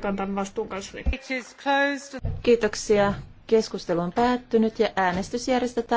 kantaa vastuun kanssa. Kiitoksia. Keskustelu on päättynyt ja äänestys järjestetään.